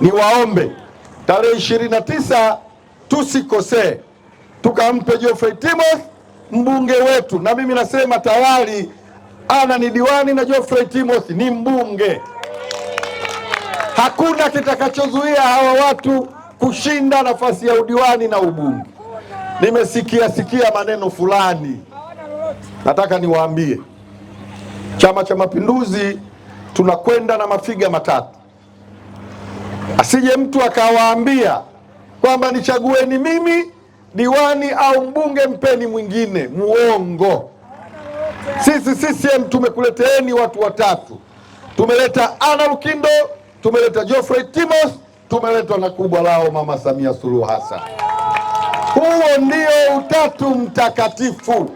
niwaombe tarehe 29 tusikosee, tukampe Geoffrey Timoth mbunge wetu, na mimi nasema tayari ana ni diwani na Geoffrey Timoth ni mbunge. Hakuna kitakachozuia hawa watu kushinda nafasi ya udiwani na ubunge. Nimesikia sikia maneno fulani, nataka niwaambie, Chama cha Mapinduzi tunakwenda na mafiga matatu asije mtu akawaambia kwamba nichagueni mimi diwani au mbunge, mpeni mwingine. Muongo. Sisi CCM tumekuleteeni watu watatu, tumeleta ana Lukindo, tumeleta Geoffrey Timos, tumeletwa na kubwa lao Mama Samia Suluhu Hassan. Huo ndio utatu mtakatifu.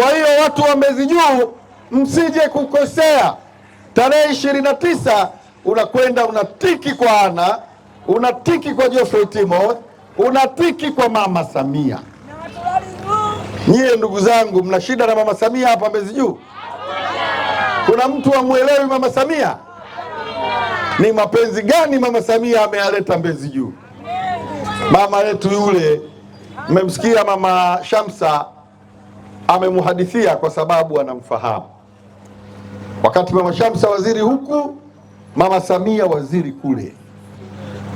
Kwa hiyo watu wa Mbezi Juu, msije kukosea tarehe ishirini na tisa unakwenda unatiki kwa Ana, unatiki kwa Joshua Timo, unatiki kwa mama Samia. Nyie ndugu zangu, mna shida na mama Samia hapa Mbezi Juu? Kuna mtu amwelewi mama Samia? Ni mapenzi gani mama Samia ameyaleta Mbezi Juu? Mama yetu yule, mmemsikia mama Shamsa amemuhadithia, kwa sababu anamfahamu. Wakati mama Shamsa waziri huku Mama Samia waziri kule,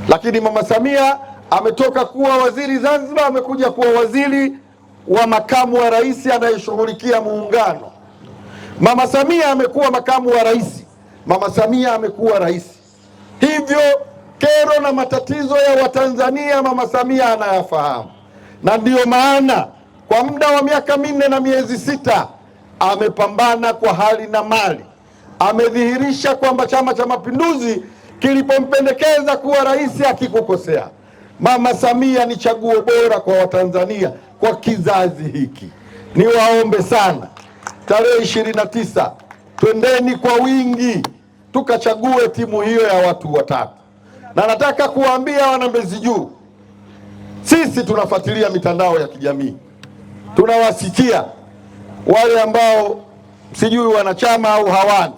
lakini Mama Samia ametoka kuwa waziri Zanzibar, amekuja kuwa waziri wa makamu wa rais anayeshughulikia muungano. Mama Samia amekuwa makamu wa rais, Mama Samia amekuwa rais. Hivyo kero na matatizo ya Watanzania Mama Samia anayafahamu, na ndiyo maana kwa muda wa miaka minne na miezi sita amepambana kwa hali na mali amedhihirisha kwamba Chama cha Mapinduzi kilipompendekeza kuwa rais akikukosea. Mama Samia ni chaguo bora kwa Watanzania kwa kizazi hiki. Niwaombe sana, tarehe ishirini na tisa twendeni kwa wingi tukachague timu hiyo ya watu watatu, na nataka kuwaambia wanambezi Juu, sisi tunafuatilia mitandao ya kijamii, tunawasikia wale ambao sijui wanachama au hawana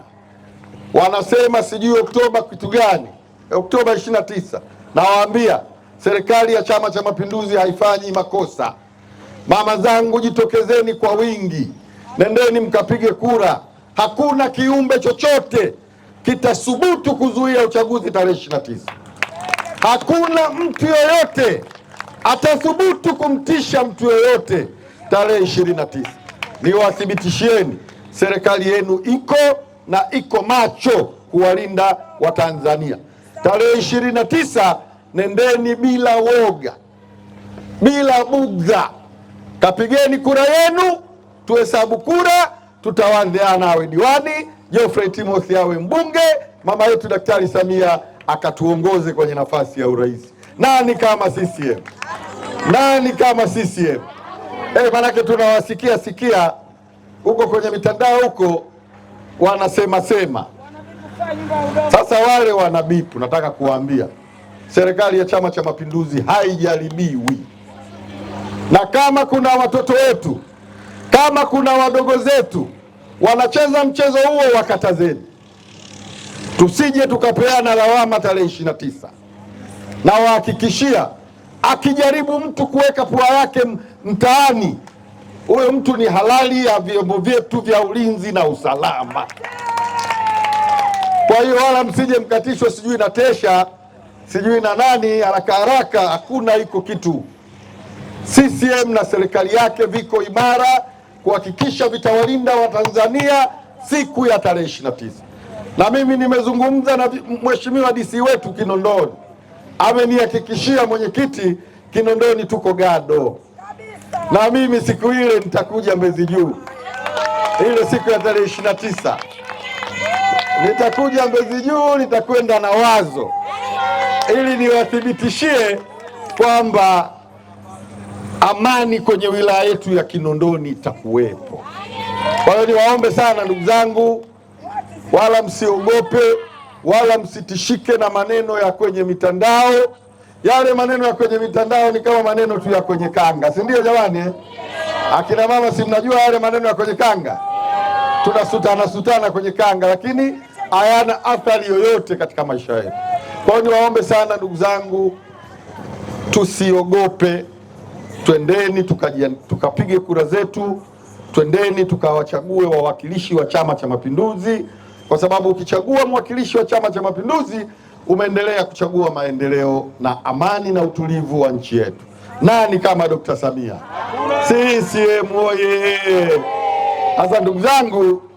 wanasema sijui Oktoba kitu gani, Oktoba 29. Nawaambia serikali ya Chama cha Mapinduzi haifanyi makosa. Mama zangu, jitokezeni kwa wingi, nendeni mkapige kura. Hakuna kiumbe chochote kitasubutu kuzuia uchaguzi tarehe 29. Hakuna mtu yoyote atathubutu kumtisha mtu yoyote tarehe 29. Niwathibitishieni serikali yenu iko na iko macho kuwalinda Watanzania. Tarehe ishirini na tisa nendeni bila woga, bila bugdha, kapigeni kura yenu, tuhesabu kura, tutawandeana awe diwani, Geoffrey Timothy awe mbunge, mama yetu Daktari Samia akatuongoze kwenye nafasi ya urais. Nani kama CCM? Nani kama CCM? Eh, manake tunawasikia sikia huko kwenye mitandao huko wanasema sema. Sasa wale wanabipu, nataka kuwaambia serikali ya Chama cha Mapinduzi haijaribiwi, na kama kuna watoto wetu, kama kuna wadogo zetu wanacheza mchezo huo, wakatazeni, tusije tukapeana lawama tarehe ishirini na tisa. Na wahakikishia akijaribu mtu kuweka pua yake mtaani huyu mtu ni halali ya vyombo vyetu vya ulinzi na usalama. Kwa hiyo wala msije mkatishwa, sijui na Tesha sijui na nani, haraka haraka. Hakuna iko kitu. CCM na serikali yake viko imara kuhakikisha vitawalinda Watanzania siku ya tarehe ishirini na tisa na mimi nimezungumza na mheshimiwa DC wetu Kinondoni, amenihakikishia mwenyekiti, Kinondoni tuko gado na mimi siku ile nitakuja Mbezi Juu, ile siku ya tarehe ishirini na tisa nitakuja Mbezi Juu, nitakwenda na wazo ili niwathibitishie kwamba amani kwenye wilaya yetu ya Kinondoni itakuwepo. Kwa hiyo niwaombe sana ndugu zangu, wala msiogope wala msitishike na maneno ya kwenye mitandao. Yale maneno ya kwenye mitandao ni kama maneno tu ya kwenye kanga, si ndio jamani? Akina mama, si mnajua yale maneno ya kwenye kanga, tunasutana sutana kwenye kanga, lakini hayana athari yoyote katika maisha yetu. Kwa hiyo niwaombe sana ndugu zangu, tusiogope, twendeni tukapige kura zetu, twendeni tukawachague wawakilishi wa Chama cha Mapinduzi, kwa sababu ukichagua mwakilishi wa Chama cha Mapinduzi umeendelea kuchagua maendeleo na amani na utulivu wa nchi yetu. Nani kama Dkt. Samia? CCM oye! Sasa ndugu zangu